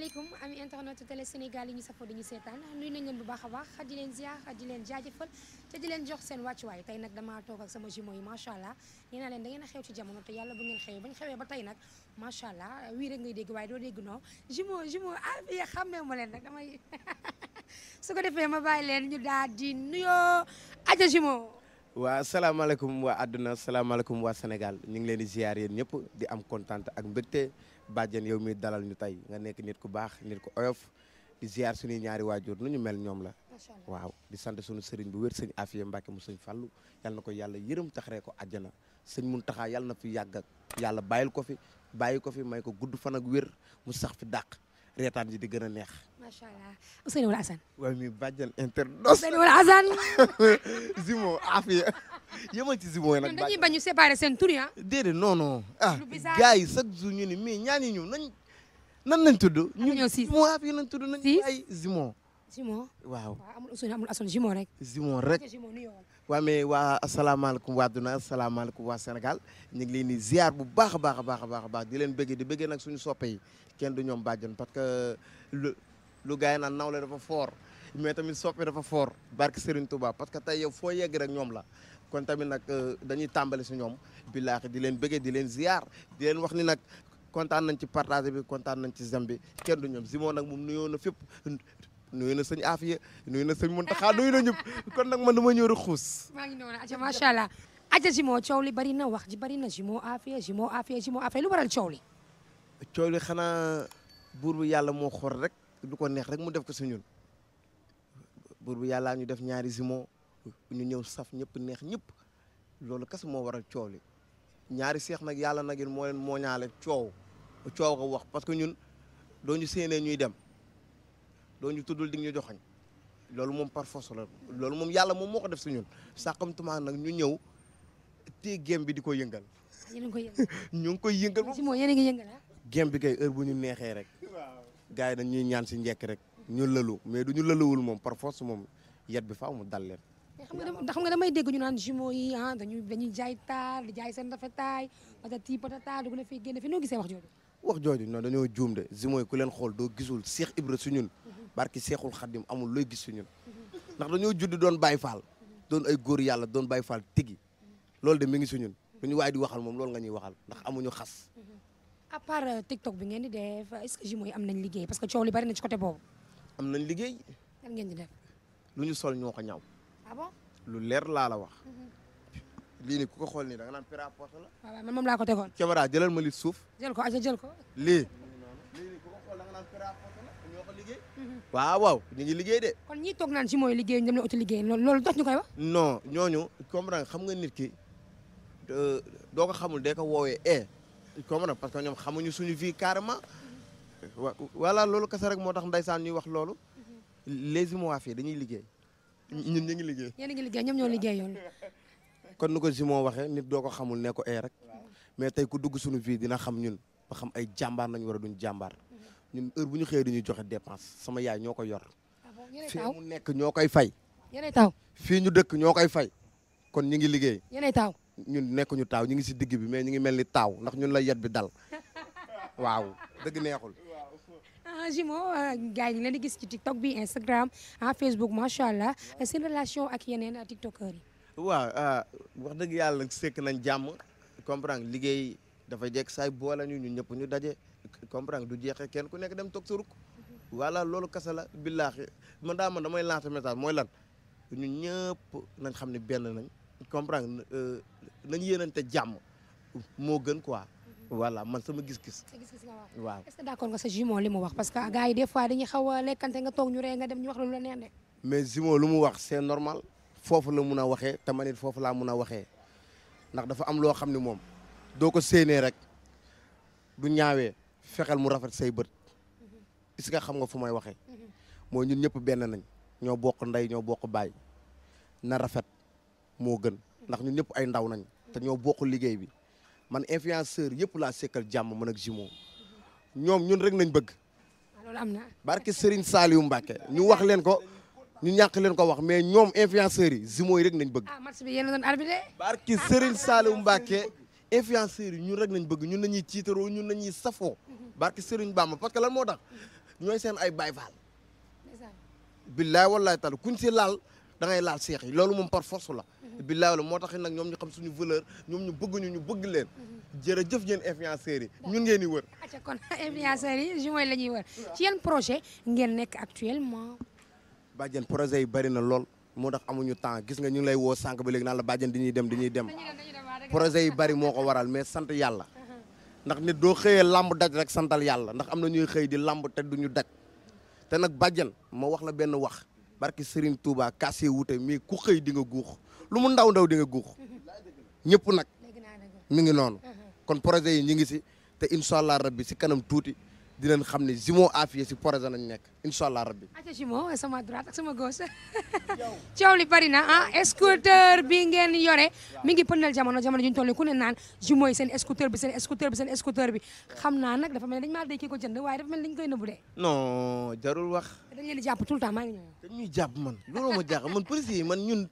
maaleykum am internetu télé Sénégal yi ñu safoo dañu seetaan nuyu nañ bu baax a baax di leen ziar di leen jaajëfal te di leen jox seen wàccuwaay tey nag dama toog ak sama jumeau yi macha allah nee naa leen da ngeen xew ci jamono te yàlla bu ngeen xewee bañ xewee ba tey nag macha allah wii rek ngay dégg waaye doo dégg non jumeau jumeau afiya ah, xàmmee ma leen nag damay su ko defee ma bàyyi leen ñu daal di nuyoo aja jimo waa salaamaaleykum waa àdduna salaamaaleykum waa Sénégal ñu ngi leen di ziar yéen ñëpp di am kontaan ak mbégte bàjjen yow mi dalal ñu tey nga nekk nit ku baax nit ku oyof di ziar suñuy ñaari waajur nu ñu mel ñoom la waaw di sant suñu sëriñ bu wér sëñ Afiya Mbàkke mu sëñ Fallu yal ko yàlla yërëm taxaree ko àjjana sëñ Muntaxa yàlla na fi yàgg ak yàlla bàyyil ko fi bàyyi ko fi may ko gudd fan ak wér mu sax fi dàq reetaan ji di gën a neex. macha allah Ousseynou wala Assane. waaw mi bàjjan internet. Ousseynou wala Assane. Zimo Afia na ci Zimo yi nag. dañuy bañ a séparer seen tur ah. déedéet non non. ah gars yi chaque jour ñu ne mais ñaani ñu nañ nan lañ tudd. ñu ñëw si Zimo Afia lañ tudd nañ ay Zimo. Zimo waaw. waaw amul Ousseynou amul Assane Zimo rek. Zimo rek waaw mais waa asalaamaaleykum waa Duna asalaamaaleykum waa Sénégal ñu ngi leen di bu baax a baax a baax a baax di leen bëggee di bëggee nag suñu soppe yi kenn du ñoom bàjjan parce que lu lu gars yi naan nawle dafa foor mais tamit soppe dafa fort barke Serigne Touba parce que tey yow foo yegg rek ñoom la kon tamit nag euh, dañuy tàmbali si ñoom billaahi di leen bëggee di leen ziar di leen wax ni nag kontaan nañ ci partage bi kontaan nañ ci zem bi kenn du ñoom Zimoh nag moom nuyoo na fépp nuyu na sëñ Afia nuyu na sëñ Mountakha nuyu na ñëpp kon nag man dama ñëw rek xuus. maa ngi noonu aja macha allah aja Zimoh coow li bari na wax ji bari na Zimoh Afia Zimoh Afia Zimoh Afia lu li. coow li xanaa buur bu yàlla moo xor rek du ko neex rek mu def ko si ñun buur bu yàllaa ñu def ñaari simo ñu ñëw saf ñëpp neex ñëpp loolu kas moo waral coow li ñaari seex nag yàlla nag moo leen moo ñaale coow coow ka wax parce que ñun doo ñu séenee ñuy dem doo ñu tuddul di ñu joxañ loolu moom par force la loolu moom yàlla moom moo ko def si ñun sàqamtumaa nag ñu ñëw te gem bi di ko yëngal. ñu ngi koy yëngal ñu ngi koy yëngal. Ah? gem bi bu ñu neexee rek gars yi dañuy ñaan si njekk rek ñu lëlu mais du ñu lëluwul moom par force moom yet bi faaw mu dal leen. xam nga damay dégg ñu naan jumeaux yi ah dañuy dañuy jaay taar di jaay seen rafetaay patati patata na fi génn fi noo gisee wax jooju. wax jooju non dañoo juum de jumeaux yi ku leen xool doo gisul Cheikh Ibra su ñun mhm. barki Cheikhul Khadim amul looy gis su ñun mhm. ndax dañoo judd doon Baye faal doon ay góor yàlla doon Baye Fall tigi mhm. loolu de mi ngi su ñun lu ñu waaye di waxal moom loolu nga ñuy waxal ndax amuñu xas à part euh, TikTok bi ngeen di def est-ce liggéey parce que coow li bari na ci côté boobu. am nañ liggéey. lan ngeen di def. lu ñu sol ñoo ko ñaw. ah bon lu leer laa la wax. Mhm. lii ku ko xool nii da nga naan pera porte la. waaw man moom laa ko tegoon. Camara jëlal ma li suuf. jël ko aja jël ko. lii. lii nii ku ko naan pera porte la ñoo ko liggéey. Mhm. waaw waaw ñu ngi liggéey de. kon ñi toog naan ci mooy liggéey dem la uti liggéey loolu loolu dox ñu koy wax. non ñooñu comprendre xam nga nit ki euh, doo ko xamul day ko woowee eh, comprendre parce que ñoom xamuñu suñu vie carrément voilà loolu kese rek moo tax ndeysaan ñuy wax loolu les Imouafé dañuy liggéey ñun ñu ngi liggéey. yéen a ngi liggéey ñoom ñoo liggéeyoon. kon nu ko Simon waxee nit doo ko xamul ne ko ee eh rek mais tey ku dugg suñu vie dina xam ñun ba xam ay jàmbaar nañu war a duñ jàmbaar ñun heure bu ñu xëyee dañuy joxe dépense sama yaay ñoo koy yor. Ah fii mu nekk ñoo koy fay. yéenay taw fii ñu dëkk ñoo koy fay kon ñu ngi liggéey. ñun nekkuñu taaw ñu ngi si digg bi mais ñu ngi mel ni taaw ndax ñun la yet bi dal waaw dëgg neexul. Ah, Jimo ah, gars yi ñu leen di gis ci TikTok bi Instagram ah Facebook macha allah seen relation ak yeneen ah, tiktokers yi. waaw wax dëgg yàlla sekk nañ jàmm comprendre liggéey dafa jekk saay boole ñu ñun ñëpp ñu daje comprendre du jeexee kenn ku nekk dem toog sa rukk voilà loolu kasa la billaahi man daa ma man damay lancer message mooy lan ñun ñëpp nañ xam ne benn nañ. comprendre euh, nañu yéenante jàmm moo gën quoi. voilà man sama gis-gis. gis-gis waaw. est-ce que d'accord nga sa jumeau li mu wax parce que gars yi des fois dañuy xaw a lekkante nga toog ñu ree nga dem ñu wax la lu la neex de. mais jumeau lu mu wax c'est normal foofu la mun a waxee te man it foofu laa mun a waxee ndax dafa am loo xam ne moom doo ko séenee rek du ñaawee fexeel mu rafet say bët est xam nga fu may waxee. Mhm. mooy ñun ñëpp benn nañ ñoo bokk ndey ñoo bokk baay na rafet. moo gën ndax ñun ñëpp ay ndaw nañ te ñoo bokk liggéey bi man influenceur yëpp laa sekkal jàmm man ak Jumo ñoom ñun rek nañ bëgg. Ah, loolu am na. barke Serigne Saliou Mbacke ñu wax leen ko ñu ñàkk leen ko wax mais ñoom influenceurs yi Jumo rek nañ bëgg. ah match bi yéen a doon arbitré. barke Serigne Saliou Mbacke influenceurs yi ñun rek nañ bëgg ñun nañuy tiitaroo ñun nañuy safoo. barke Serigne Bamba parce que lan moo tax ñooy seen ay Baay Faal. billaay wallaay taal kuñ si laal da ngay laal seex yi loolu moom par force la. billaahi la moo tax nag ñoom ñu xam suñu valeur ñoom ñu bëgg ñu ñu leen mhm. jërëjëf yéen influenceurs yi ñun ngeen di wër acca kon influenceurs yi ju mooy ñuy wër ci yan projet ngeen nekk actuellement bàjjen projet yi bari na lool moo tax amuñu temps gis nga ñu ngi lay woo sànq ba léegi naan la bàjjen dañuy dem dañuy dem projet yi bari moo ko waral mais sant yàlla uh-huh. ndax ne doo xëyee làmb daj rek santal yàlla ndax am na ñuy xëy di làmb te duñu daj te nag bàjjen ma wax la benn wax barki Serigne Touba kaase wute mais ku xëy di nga guux lu mu ndaw ndaw di nga guux ñëpp nag mi ngi noonu kon projet yi ñu ngi si te incha allah rabbi si kanam tuuti dinañ xam ne Zimo Afia si projet nañ nekk incha allah rabbi. aca Zimo sama droite ak sama gauche coow li bari na ah scooter bi ngeen yore mi ngi pëndal jamono jamono juñ ku ne naan Zimo yi seen scooter bi seen scooter bi xam naa nag dafa mel ni dañ maa dékkee ko jënd waaye dafa mel ni dañ koy nëbbu de. non jarul wax. ñuy jàpp man looloo ma jaaxal man policier yi man ñun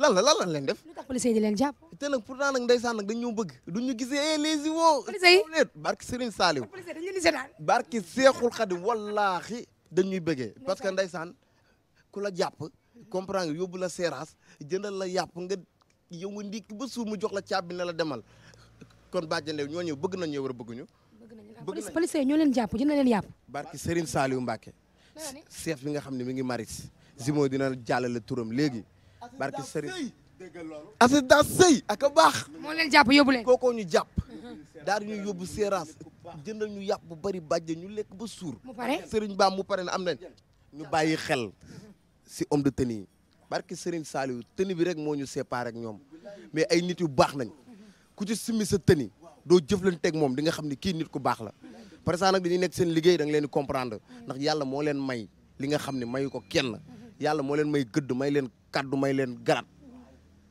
lan la lan lañ leen def. lu tax ñu leen jàpp. te nag pourtant nag ndeysaan nag dañ bëgg. du ñu gisee eh, les iwo. police yi barke Serigne Saliou. police dañ leen di seetaan. barke parce que ndeysaan ku la jàpp comprendre nga yóbbu la seeraas jëndal la yàpp nga yow nga ndikk ba suur mu jox la caabi ne la demal kon bàjjandew ñoo ñëw bëgg nañ ñëw a bëgguñu. bëgg nañ police leen jàpp jënd leen yàpp. barke Serigne Saliou Mbacke. chef bi nga xam ne mi ngi maris Zimo dina jàllale turam léegi barki sëriñ Aziz daa sëy ak a baax. moo leen jàpp yóbbu leen kookoo ñu jàpp. daal ñu yóbbu séeraas jëndal ñu yàpp bu bari bàjje ñu lekk ba suur. mu pare sëriñ Ba mu pare na am nañ ñu bàyyi xel si homme de tenue yi barki sëriñ Saliou tëni bi rek moo ñu séparé ak ñoom mais ay nit yu baax nañ ku ci simmi sa tenue doo jëflanteeg moom di nga xam ni kii nit ku baax la. parce que nag ñu nekk seen liggéey da leen di comprendre ndax yàlla moo leen may li nga xam ne mayu ko kenn. yàlla moo leen may gëdd may leen kàddu may leen garaat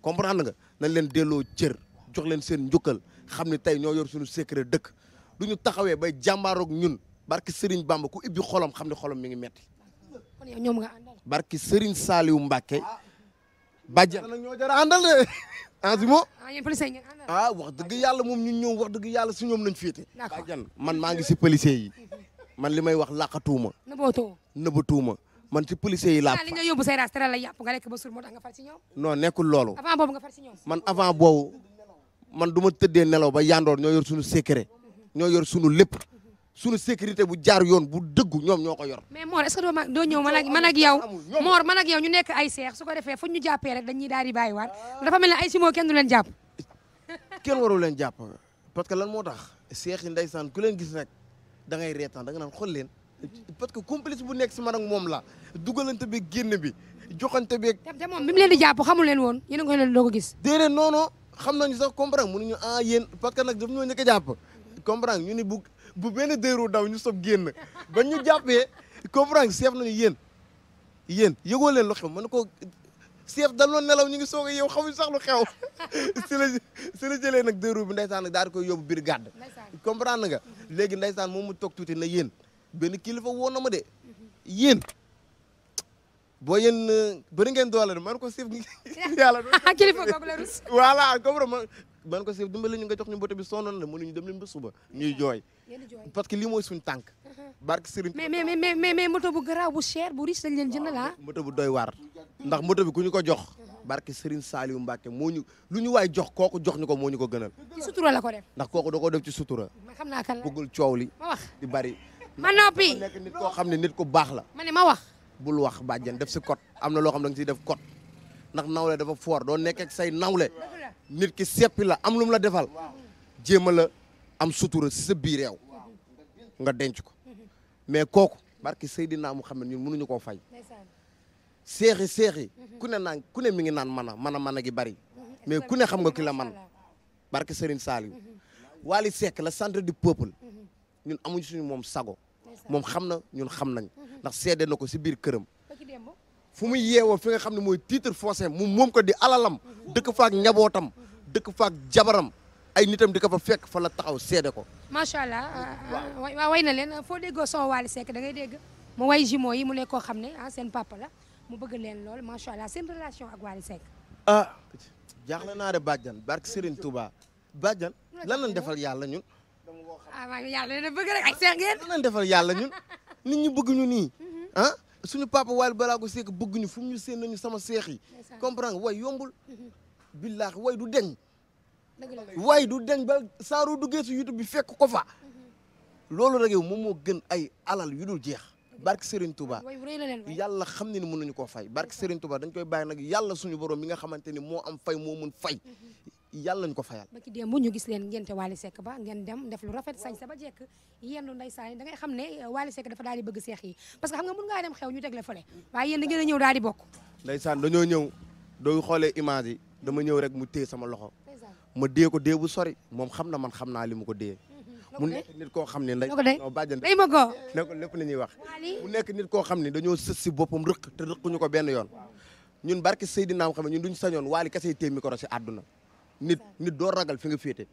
comprendre nga nañ leen delloo jër jox leen seen njukkal xam ne tey ñoo yor suñu secret dëkk du ñu taxawee bay jàmbaaroog ñun barki Serigne Bamba ku ibbi xolam xam ne xolam mi ngi metti kon yow ñoom nga àndal barki Serigne Saliou Mbacke ah. bàjjan nag ñoo jar a àndal de Azimo ah, ah, ah wax dëgg yàlla moom ñun ñoom wax dëgg yàlla si ñoom nañ féete bàjjan man maa ngi si policier yi man li may wax làqatuuma nëbatuuma man ci policiers yi laa. li nga la yàpp nga lekk ba suur moo tax nga far ci ñoom. non nekkul loolu. avant boobu nga far ci ñoom. man avant boobu man du ma tëddee nelaw ba yandoor ñoo yor suñu secret ñoo yor sunu lépp suñu sécurité bu jaar yoon bu dëggu ñoom ñoo ko yor. mais Mor est-ce que doo ma doo ñëw man ak man ak yow Mor man ak yow ñu nekk ay seex su ko defee fu ñu jàppee rek dañuy daal di bàyyiwaat dafa mel ne ay simoo kenn leen jàpp. kenn waru leen jàpp parce que lan moo tax seex yi ndeysaan ku leen gis rek da ngay reetaan da nga naan xool leen parce que complice bu nekk si man ak moom la dugalante bi génn bi joxante bi. te moom bi mu leen di jàpp xamul leen woon yéen a ngi leen doo ko gis. déedéet non non xam nañu sax comprendre mënuñu ah yéen parce que nag daf ñoo njëkk a jàpp. comprendre ñu ni bu bu benn déeru daw ñu sob génn ba ñu jàppee comprendre chef nañu yéen yéen yëgoo leen lu xew mën ko chef daloon nelaw ñu ngi soog a yow xamuñ sax lu xew si la si la jëlee nag déeru bi ndeysaan nag daal di koy yóbbu biir gàdd comprendre nga léegi ndeysaan moom mu toog tuuti na yéen benn kilifa woo de yéen boo yéen bëri ngeen doole de man ko siif yàlla kilifa boobu la rus voilà comme man man ko siif dimbali ñu nga jox ñu mbote bi sonnoon la mënuñu dem leen ba suba ñuy jooy parce que lii mooy suñu tànk barke Serigne mais mais mais mais mais moto bu garaaw bu bu riche lañ leen jënd laa moto bu doy waar ndax moto bi ku ñu ko jox barke Serigne Saliou Mbacke moo ñu lu ñu waay jox kooku jox ñu ko moo ñu ko gënal ci sutura la ko def ndax kooku da koo def ci sutura xam naa kan la bëggul coow li di bari ma noppi nekk nit koo xam ne nit ku baax la. ma ne ma wax. bul wax bàjjen def si code am na loo xam ne da nga siy def code ndax nawle dafa foor doo nekk ak say nawle nit ki seppi la am lu mu la defal jéem a la am sutura si sa biir réew nga denc ko mais kooku barki Seydina Muhammad ñun mënuñu koo fay. seexi seexi ku ne naan ku ne mi ngi naan mën a mën a mën a gi bari mais ku ne xam nga ki la man barki Serigne Saliou mm-hmm. Wally Seck la centre du peuple mm-hmm. ñun amuñu suñu moom sago. moom xam na ñun xam nañ mhm. ndax seede na ko si biir këram fu muy yeewoo fi nga xam ne mooy titre foncier mu moom ko di alalam mhm. dëkk ak njabootam mhm. dëkk faak jabaram ay nitam di ko fa fekk fa la taxaw sede ko macha allah waaw ah, ah, ah, way na leen foo déggoo son Wally Seck da ngay dégg mu way jumeaux yi mu nekk koo xam ne ah seen papa la mu bëgg leen lool macha allah seen relation ak Wally Seck ah jaaxle naa de bàjjan barke Serigne Touba bàjjan lan lañ defal yàlla ñun ah maa yàlla na bëgg rek ak seex yàlla ñun nit ñi bëgg ñu nii. Mhm. Ah, suñu papa Wally Ballago Seck bëgg ñu fu mu ñu seen nañu sama seex yi. comprendre way yombul. Mhm. billaahi way du deñ. way du deñ ba saaru duggee su YouTube bi fekk ko fa. Mhm. loolu rek yow moom moo gën ay alal yu dul jeex. barke Serigne Touba yàlla xam ne ni mun nañu koo fay barke Serigne Touba dañ koy bàyyi nag yàlla suñu borom mi nga xamante ni moo am fay moo mun fay yàlla nañ ko fayal. ba ki démb ñu gis leen ngente Wally Seck ba ngeen dem def lu rafet sañ sa ba jekk yendu ndeysaan da ngay xam ne eh, Wally Seck dafa daal di bëgg seex yi parce que xam nga mën ngaa dem xew ñu teg la fële waaye yéen da ngeen a ñëw daal di bokk. ndeysaan dañoo ñëw doo xoolee image yi dama ñëw rek mu téye sama loxo ma dee ko dee bu sori moom xam na man xam naa li mu ko dee. Mm-hmm. mu nekk nit koo xam ne nday no bàjjan day ma ko ne ko lépp la ñuy wax mu nekk nit koo xam ne dañoo sës si boppam rëq te rëquñu ko benn yoon ñun barke Seydina am xam ne ñun duñ sañoon Wally kese téye micro si àdduna nit nit doo ragal fi nga féete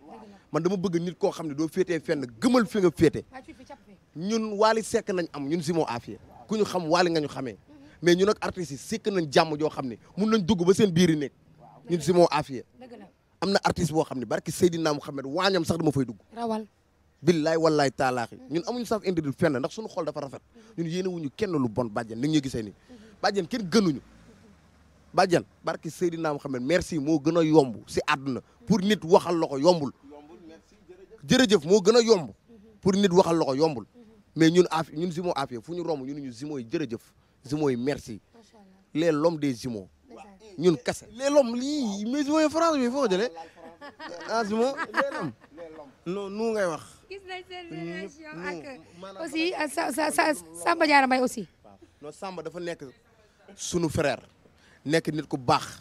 man dama bëgg nit koo xam ne doo féetee fenna gëmal fi nga féete ñun Wally Seck nañ am ñun simoo Afia ku ñu xam Wally nga ñu xamee mais ñun ak artistes yi sekk nañ jàmm joo xam ne mun nañ dugg ba seen biir yi nekk ñun Zimo Afia am na artiste boo xam ne barki Seydina Mouhamed waañam sax dama fay dugg rawal billaay wallaay taalaaxi ñun amuñu saf indi fenn ndax suñu xol dafa rafet ñun yéene wuñu kenn lu bon bàjjen ni nga gisee nii bàjjen kenn gënuñu bàjjan barki Seydina Mohamed merci moo gën a yomb si àdduna pour nit waxal la ko yombul jërëjëf moo gën a yomb pour nit waxal la ko yombul mais ñun afi ñun Zimo afiya fu ñu romb ñun ñu Zimo yi jërëjëf Zimo yi merci les lom des Zimo ñun kese les l'homme lii mais Zimo yi France bi foo jëlee ah Zimo nu ngay wax. gis nañ seen relation aussi euh, Samba Samba dafa nekk sunu frère. nekk nit ku baax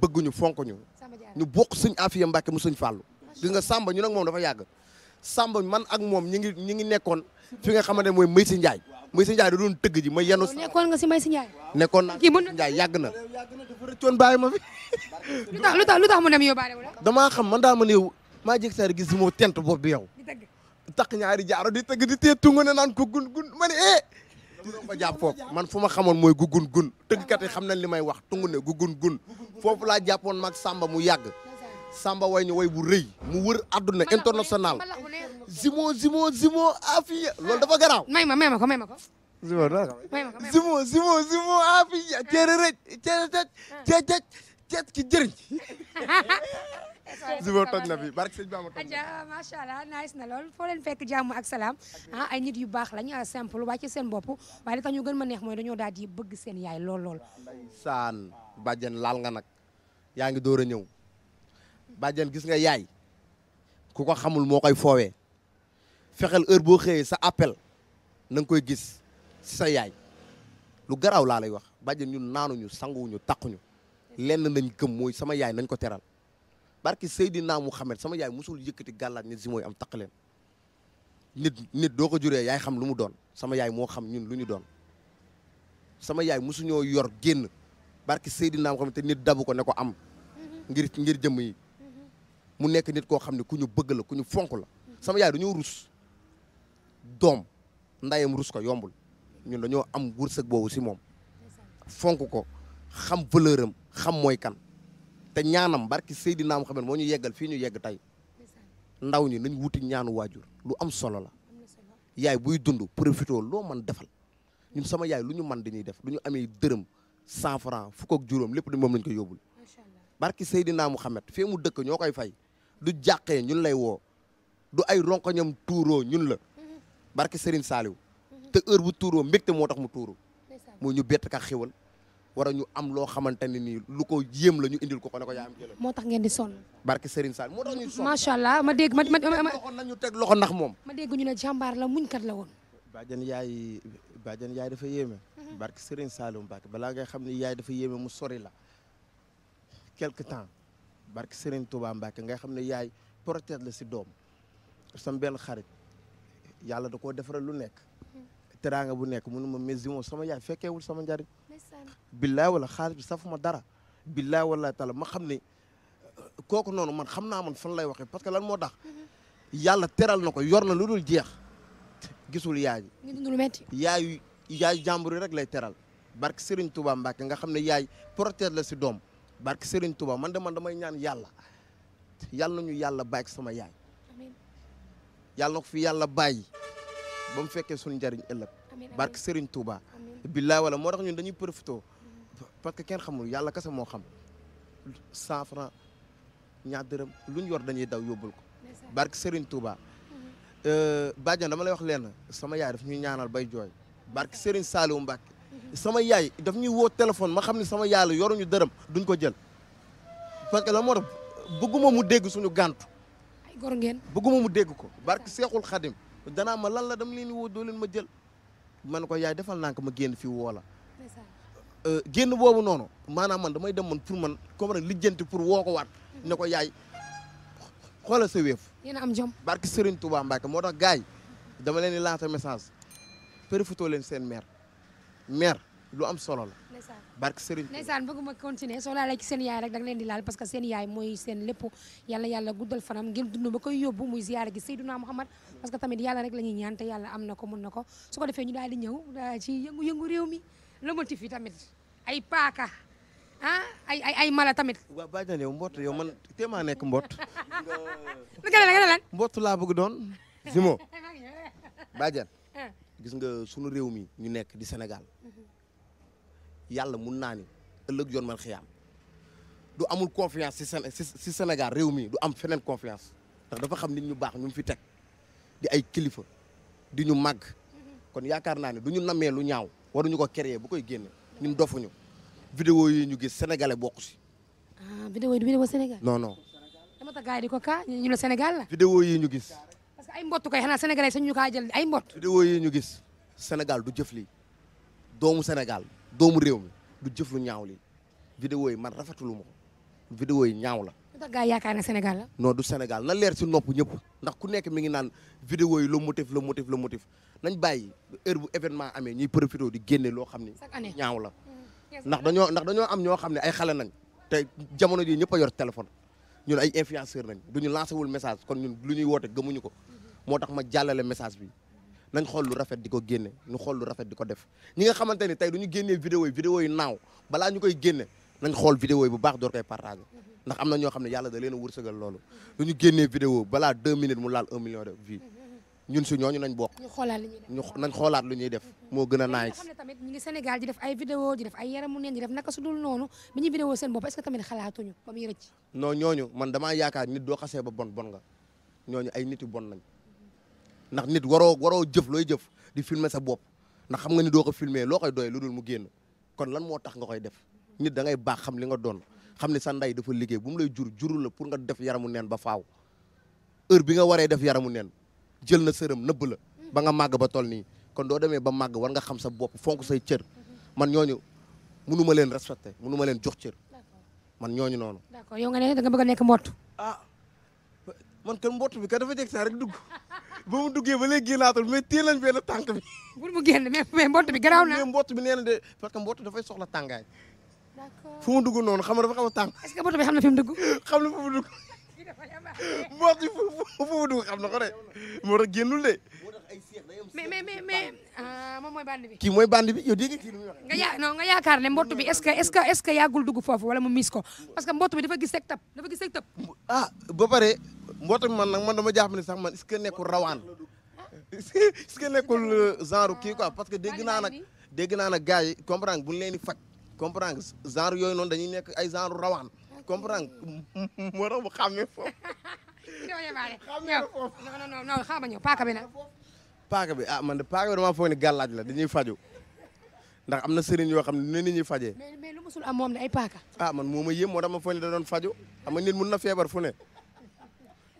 bëgguñu fonk ñu ñu bokk sëñ Afiya Mbàkke mu suñ Fàllu gis nga Samba ñu nag moom dafa yàgg Samba man ak moom ñi ngi ñi ngi nekkoon fi nga xamante ne mooy may si Njaay may si Njaay da doon tëgg ji ma yenu nekkoon nga si may si Njaay nekkoon na dafa rëccoon bàyyi ma fi lu tax lu tax lu tax mu dem yóbbaale wala damaa xam man daa ma néew maa jég saari gis si moo tent bopp bi yow takk ñaari jaaro di tëgg di tee tunga ne naan ko gun gun ma ne eh! ma jàpp man fu ma xamoon mooy gugun gun tëggkat yi xam nañ li may wax tungu ne gugun gun foofu laa jàppoon mag Samba mu yàgg Samba way ñu way bu rëy mu wër àdduna international zimo zimo zimo afiya loolu dafa garaaw may ma may ma ko may ma ko zimo zimo zimo zimo afiya cere rëj cere ki jëriñ Zouba toj na fi barke sëñ Bamba toj macha allah nice na lool foo leen fekk jàmm ak salaam ah ay nit yu baax lañ ah, simple wàcce seen bopp waaye ta ñu gën ma neex mooy dañoo daal di bëgg seen yaay lool lool. saan bàjjen laal nga nag yaa ngi door a ñëw bàjjen gis nga yaay ku ko xamul moo koy foowee fexeel heure boo xëyee sa appel na koy gis sa yaay lu garaaw laa lay wax bàjjen ñun naanuñu sanguwuñu takkuñu lenn nañ gëm mooy sama yaay nañ ko teral barki mu Muhammad sama yaay musul yëkkati gàllaaj ne Zimoh am taq leen nit nit doo ko juree yaay xam lu mu doon sama yaay moo xam ñun lu ñu doon sama yaay musuñoo yor génn barki Seydina Muhammad te nit dabu ko ne ko am ngir ngir jëmm yi mu nekk nit koo xam ne ku ñu bëgg la ku ñu fonk la sama yaay dañoo rus doom ndayam rus ko yombul ñun dañoo am wërsëg boobu si moom fonk ko xam valeur am xam mooy kan te ñaanam barki Seydina Muhammad moo ñu yeggal fii ñu yegg tey ndaw ñi nañ wuti ñaanu waajur lu am solo la yaay buy dund profité loo man defal ñun sama yaay lu ñu man dañuy def lu ñu amee dërëm cent franc juróom lépp di moom lañ ko yóbbul barki naa Muhammad fee mu dëkk ñoo koy fay du jàqee ñun lay woo du ay ronkoñam tuuroo ñun la mm-hmm. barki Serigne Saliou mm-hmm. te heure bu tuuroo mbégte moo tax mu tuuru moo ñu bett ka xéwal war a ñu am loo xamante ne nii lu ko yéem la ñu indil ko ko ne ko yaa am jëlal moo tax ngeen di sonn barke Serigne Sall moo tax ñuy sonn macha allah ma dégg ma ma loxo nañu teg loxo ndax moom ma dégg ñu ne jàmbaar la kat la woon bàjjan yaay bàjjan dafa yéeme mhm. barke Serigne Sall Mbacke balaa ngay xam ne yaay dafa yéeme mu sori la quelque temps barke Serigne Touba Mbacke ngay xam ne yaay protège la si doom sam benn xarit yàlla da koo defaral lu nekk mhm. teraanga bu nekk mënu ma mais sama yaay fekkeewul sama njariñ billaay wala xaalis bi ma dara billaay wala taala ma xam ne kooku noonu man xam naa man fan lay waxee parce que lan moo dax mm-hmm. yàlla teral na ko yor na lu dul jeex gisul yaay yaayu yaayu yaay yi rek lay teral barke Serigne Touba Mbacke nga xam ne yaay protège la si doom barke Serigne Touba man de man damay ñaan yàlla yàlla nañu yàlla bàyyi sama yaay fi yàlla bàyyi ba mu fekkee suñu barke Serigne Touba billaay wala moo tax ñun dañuy profité parce que kenn xamul yàlla kese moo xam cent franc ñaar dërëm lu ñu yor dañuy daw yóbbul ko. barke Serigne Touba. Mhm. Euh, Badiane dama lay wax lenn sama yaay daf ñuy ñaanal bay jooy barke Serigne Saliou Mbacke. Mhm. sama yaay daf ñuy woo téléphone ma xam ne sama yàlla yoruñu dërëm duñ ko jël parce que la moo tax bëgguma mu dégg suñu gàntu. ay gor ngeen bëgguma mu dégg ko. barke Seexul Xadim danaa ma lan la dama leen woo doo leen ma jël. ma na ko yaay defal naa ma génn fii woo la euh, génn boobu noonu maanaam man damay dem man pour man comme rek lijjanti pour woo ko waat ne ko yaay xoolal sa wéef. am jom. barki Serigne Touba Mbacke moo tax gars yi dama leen di message. profitoo leen seen maire maire. lu am solo la. barke Serigne. ndeysaan bëgguma continuer soo laalee ci seen yaay rek da nga leen di laal parce que seen yaay mooy seen lépp yàlla yàlla guddal fanam ngeen dund ba koy yóbbu muy ziyaara gi Seydina Muhammad parce que tamit yàlla rek la ñuy ñaan te yàlla am na ko mun na ko su ko defee ñu daal di ñëw euh, ci yëngu-yëngu réew mi lomotif yi tamit ay paaka ah ay ay ay mala tamit. waaw bàyyi na yow mbott yow man tee maa nekk mbott. laa bëgg doon. Zimo Badiane. Ah. gis nga sunu réew mi ñu nekk di Sénégal. Mhm. yàlla mun naa ni ëllëg yoon man xiyaam du amul confiance si Séné Sénégal réew mii du am feneen confiance ndax dafa xam nit ñu baax ñu mu fi teg di ay kilifa di ñu màgg kon yaakaar naa ne du ñu namee lu ñaaw ñu ko créer bu koy génne ñun dofuñu. vidéo yi ñu gis sénégalais bokk si. ah vidéo yi du vidéo Sénégal. non non. yi di ko kaa ñu la Sénégal yi ñu gis. parce que ay mbott kay xanaa sénégalais sax kaa jël ay mbott. vidéo yi ñu gis Sénégal du jëf lii doomu Sénégal. doomu réew mi du jëf lu ñaaw li vidéo yi man rafetulu ma ko yi ñaaw la ndax yaakaar na Sénégal la du Sénégal na leer si nopp ñëpp ndax ku nekk mi ngi naan vidéo yi le motif le motif le motif nañ bàyyi heure bu événement amee ñuy profité di génnee loo xam ni ñaaw la mm-hmm. ndax dañoo ndax dañoo am ñoo xam ne ay xale nañ te jamono ji ñëpp a yor téléphone ñun ay influenceur nañ duñu lancé wul message kon ñun lu ñuy woote gëmuñu ko mm-hmm. moo tax ma jàllale message bi nañ xool lu rafet di ko génne nu xool lu rafet di ko def ñi nga xamante ni tey du ñu génnee vidéo yi vidéo yi naaw balaa ñu koy génne nañ xool vidéo yi bu baax door koy partager ndax am na ñoo xam ne yàlla da leen a wërsëgal loolu du ñu génnee vidéo balaa deux minutes mu laal un million de vues ñun si ñooñu nañ bokk. ñu xoolaat li nañ xoolaat lu ñuy def moo gën a naaj. xam ne tamit ñu ngi Sénégal di def ay vidéo di def ay yaramu neen di def naka su dul noonu bi ñu vidéo seen bopp est-ce que tamit xalaatuñu ba muy rëcc. man damaa yaakaar nit doo xasee ba bon bon nga ñooñu ay nit yu nañ ndax nit waroo waroo jëf looy jëf di filmer sa bopp ndax xam nga ni doo ko filmer loo koy doy lu dul mu génn kon lan moo tax nga koy def nit danga ngay baax xam li nga doon xam ni sa ndey dafa liggéey bu mu lay jur jurul la pour nga def yaramu neen ba faaw heure bi nga waree def yaramu neen jël na sërëm nëbb la ba nga màgg ba toll nii kon doo demee ba màgg war nga xam sa bopp fonk say cër man ñooñu munu ma leen respecté munu ma leen jox cër man ñooñu noonu. d'accord yow nga ne da a nekk mbott. ah bi ka dafa jeg saa rek ba mu duggee ba léegi génnaatul mais téye nañ benn tànk bi. bu mu génn mais mbott bi garaaw na. mais mbott bi nee na de parce que mbott dafay soxla tàngaay. d'accord fu mu dugg noonu xam nga dafa xaw a tàng. est-ce que mbott bi xam na fi mu xam na fu mu dugg mbott bi fu mu na ko de moo tax génnul de. mais mais mais mais ah, moom mooy bandi bi. kii mooy bandi bi yow dégg nga kii nu muy waxee. nga ya non nga yaakaar ne mbott bi est ce que est ce que est ce que yàggul dugg foofu wala mu miis ko parce que mbott bi dafa gis rek tëb dafa gis rek tëb. ah ba pare mbott bi man nag man dama jàpp ne sax man est ce que nekkul rawaan est ce que nekkul euh, genre kii quoi parce que dégg naa nag dégg naa nag gars yi comprendre bu ñu leen di faj comprendre genre yooyu noonu dañuy nekk ay genre rawaan comprendre moo tax mu xàmmee foofu. xàmmee foofu non non non xaaral ma ñëw paaka bi nag. paaka bi ah man de paaka bi damaa foog ne gàllaaj la dañuy faju ndax am na sëriñ yoo xam ne ni ñuy fajee. mais mais lu musul am moom ne ay paaka. ah man moo ma yëm moo tax ma ne da doon faju xam nga nit mun na feebar fu ne.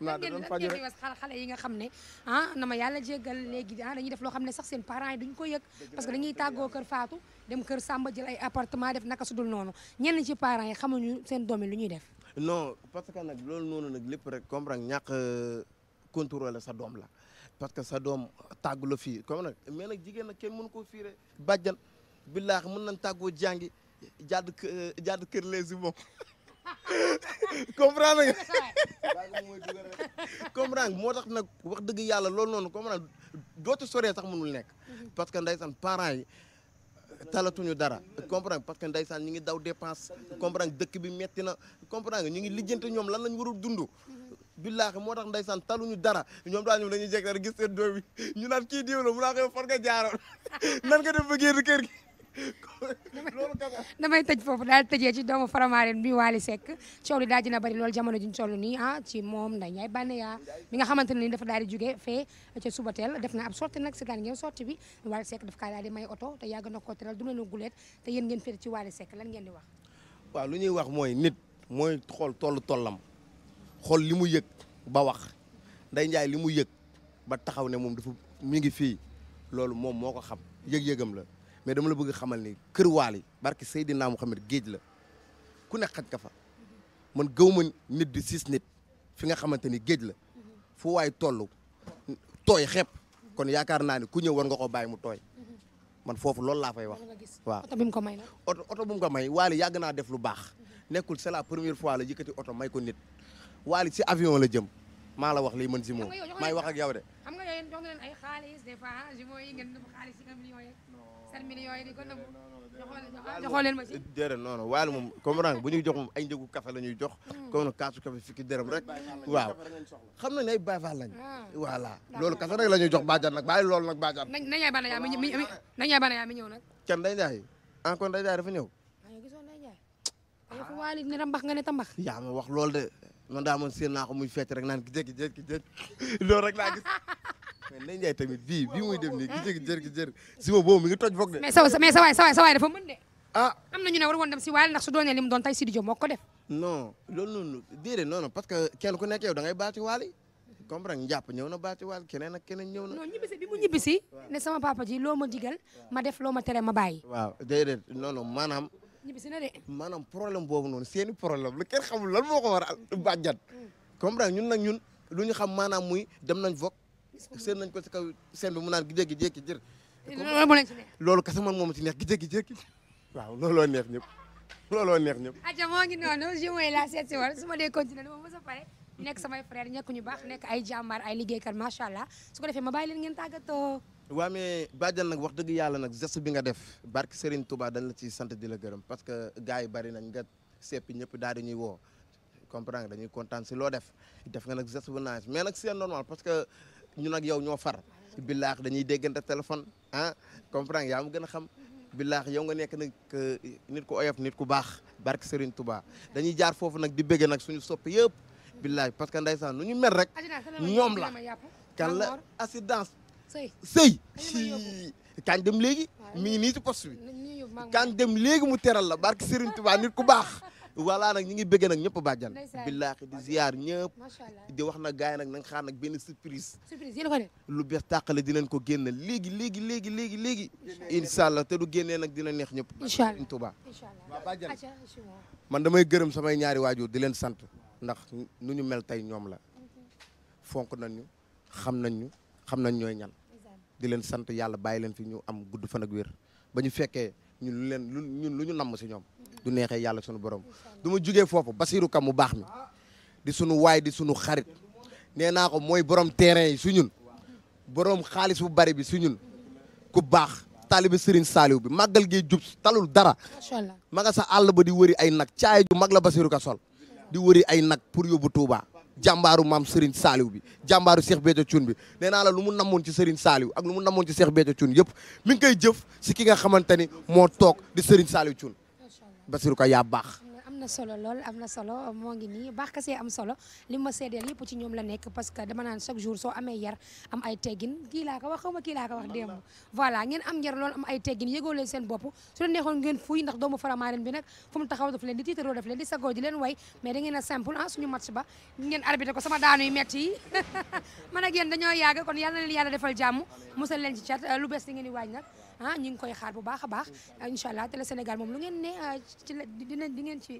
naa da doon faju rek xale yi nga xam ne ah na ma yàlla jéggal léegi ah dañuy def loo xam ne sax seen parents yi duñ ko yëg parce que dañuy tàggoo kër Fatou dem kër Samba jël ay appartement def naka su dul noonu ñenn ci parents yi xamuñu seen doom yi lu ñuy def. non parce que nag loolu noonu nag lépp rek comprendre ñàkk euh, contrôler sa doom la parce que sa doom tàggu la fii comme nag mais nag jigéen na kenn mënu koo fiire bàjjan billaax mën nañ tàggoo jàngi jàdd euh, jàdd kër les moom comprendre nga moo tax nag wax dëgg yàlla loolu noonu comprendre dootu soree sax mënul nekk parce que ndeysaan parents yi talatuñu dara comprendre parce que ndeysaan ñu ngi daw dépense comprendre dëkk bi metti na comprendre nga ñu ngi lijjante ñoom lan lañ warul dund billaahi moo tax ndeysaan taluñu dara ñoom daal ñoom dañuy jekk rek gis seen doom bi ñu naan kii diw la mu naa ko far nga jaaroon nan nga def ba génn kër gi loolu kaka damay tëj daal tëjee ci doomu faramaaren bi Waly Seck coow li daal dina bëri loolu jamono ji ñu toll nii ah ci moom nday ñaay bànneyaa ah, mi nga xamante ni dafa daal di jóge fee ca subateel def na ab sorti nag si gaan ngeen sorti bi Waly Seck daf kaa daal di oto te yàgg na ko teral du na guleet te yéen ngeen féete ci Waly Seck lan ngeen di wax waaw lu ñuy wax mooy nit mooy xool toll tollam xool li mu yëg ba wax Ndeye Ndiaye li mu yëg ba taxaw ne moom dafa mi ngi fii loolu moom moo ko xam yëg-yëgam la mais dama la bëgg xamal ni kër Waly barki Seydina Mouhamed géej la ku ne xaj ka fa man gëw ma nit di siis nit fi nga xamante ni géej la fu waaye toll tooy xepp kon yaakaar naa ni ku ñëw war nga ko bàyyi mu tooy man foofu loolu laa fay wax waaw oto bi mu ko may oto bu mu ko may Waly yàgg naa def lu baax nekkul c'est la première fois la yëkkati oto may ko nit Wally si avion la jëm maa la wax lii man si moom maay wax ak yow de. xam nga yéen na leen ay xaalis des fois ah jumeaux million yeeg sept millions yi ah, moom comprendre bu ñuy jox moom ay njëgu kafe la ñuy jox. Hmm. comme na kaasu kafe fukki dërëm rek. waaw xam nañ ay Baay Faal lañ. Ah. voilà loolu kafe rek la ñuy jox bàjjan nag bàyyi loolu nag bàjjan. nañ nañ yaay bana yaa mi ñëw mi ah. nañ yaay bana yaa mi ñëw day jaay encore day dafa ñëw. gisoo day jaay. waaw ne tambax nga ne tambax. yaa ma wax loolu de man daa man seen naa ko muy fecc rek naan ki jëkki jëkki jëkki loolu rek laa gis mais Ndeye Ndiaye tamit bii si ma boobu mi ngi toj de. mais sa mais sa waay sa de. ah na ñu ne war si waaye ndax su doonee mu doon tey Sidi Diop moo ko def. non loolu noonu déedéet non non parce que kenn ku nekk yow da ngay baati waali comprendre nga jàpp ñëw na baati waal keneen ak keneen na. non ñibbisi bi mu ñibbisi. ne sama papa ji loo ma digal ma def loo ma tere ma bàyyi. waaw déedéet maanaam ñibbisi na de. maanaam problème boobu noonu seeni problème la kenn xamul lan moo ko waral bàjjan. Mm. comprendre ñun nag ñun lu ñu xam maanaam muy dem nañ foog. seen nañ ko si kaw seen bi mu naan gidee gi jékki jër. Eh, loolu kese man moom ci neex gidee gi jékki waaw looloo neex ñëpp looloo neex ñëpp. atia moo ngi noonu je mooy la seet si a pare. nekk samay frère nekk ñu baax nekk ay jàmbaar ay liggéeykat macha allah su ko defee ma bàyyi leen ngeen tàggatoo. waa mais bàjjan nag wax dëgg yàlla nag geste bi nga def barke Serigne Touba dañ la ciy sant di la gërëm parce que gars yi bari nañ nga seppi ñëpp daal di woo comprendre dañuy kontaan loo def def nga nag geste bu mais nag c'est normal parce que ñun ak yow ñoo far billaax dañuy déggante téléphone ah comprendre yaa ma gën a xam billaax yow nga nekk nag nit ku oyof nit ku baax barke Serigne Touba dañuy jaar foofu nag di bëgg nag suñu sopp yëpp billaax parce que ndeysaan nu ñu mel rek ñoom la kan la accidence sëy sëy kaan dem léegi mi ngi nii si poste dem léegi mu teral la barke Serigne Touba nit ku baax voilà nag ñi ngi bëgg nag ñëpp bàjjan billaahi di ziar ñëpp di wax na gaay nag na nga xaar nag benn surprise lu bees tàqale dinañ ko génn léegi léegi léegi léegi léegi incha allah te du génnee nag dina neex ñëpp Serigne Touba waaw bàjjan man damay gërëm samay ñaari waajur di leen sant ndax nu ñu mel tey ñoom la fonk nañ ñu xam nañ ñu xam ñooy ñan di leen sant yàlla bàyyi leen fi ñu am gudd fan wér ba ñu fekkee ñu lu leen lu ñun lu ñu namm si ñoom du neexee yàlla sunu borom du ma jugee foofu Basiru Ka mu baax mi di sunu waay di sunu xarit nee naa ko mooy borom terrain su ñun borom xaalis bu bari bi su ñun ku baax taalibe Serigne Saliou bi màggal gi jub talul dara ma nga sa àll ba di wëri ay nag caay mag la Basiru Ka sol di wëri ay nag pour yóbbu Touba jàmbaaru maam Serigne Saliou bi jàmbaaru Cheikh Béthio Thioune bi nee naa la lu mu namoon ci Serigne Saliou ak lu mu namoon ci Cheikh Béthio Thioune yëpp mi ngi koy jëf si ki nga xamante ni moo toog di Serigne Saliou Thioune Bassirou Ka yaa baax am na solo lool am na solo moo ngi nii baax kese am solo li ma seedeel yëpp ci ñoom la nekk parce que dama naan chaque jour soo amee yar am ay teggin kii laa ko wax xaw kii laa ko wax démb voilà ngeen am yar lool am ay teggin yëgoo leen seen bopp su leen ngeen fuy ndax doomu faramaaren bi nag fu taxaw di tiitaroo leen di sagoo di leen way mais da ngeen simple ah suñu match ba ngeen arbitre ko sama daanuy metti man ak yéen dañoo yàgg kon ah ñu ngi koy xaar bu baax a baax mm-hmm. incha allah télé Sénégal moom lu ngeen ne ah, ci la dina di ngeen ci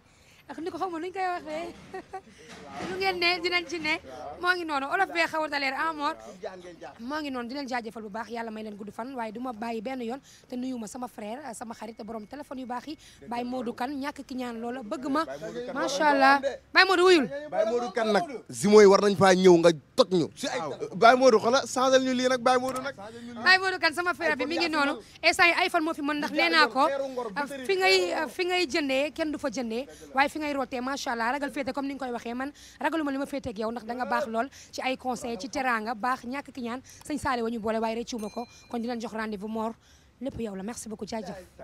ndax ni ko xaw ma nuñ koy waxee lu ngeen ne dinañ ci ne moo ngi noonu olof bee xaw a leer amor ah, moo ngi noonu di leen jaajëfal bu baax yàlla may leen gudd fan waaye duma ma bàyyi benn yoon te nuyu ma sama frère sama xarit borom téléphone yu baax yi Baye Modou Kane ñàkk ki ñaan loola bëgg ma macha allah Baye Modou wuyul Baye Modou Kane nag zimo yi war nañ faa ñëw nga toj ñu si ay Baye Modou xala changal ñu lii nag sama frère mi ngi noonu instant yi iPhone moo fi man ndax nee naa ko fi ngay fi ngay jëndee kenn du fa jëndee waaye fi ngay rootee macha allah ragal féete comme ni nga koy waxee man ragaluma ma féete ak yow ndax da nga baax lool ci ay conseil ci teraanga baax ñàkk ki ñaan sëñ Saali wa ñu boole waaye rëccuuma ko kon di leen jox rendez-vous moor lépp yow la merci beaucoup jaajëf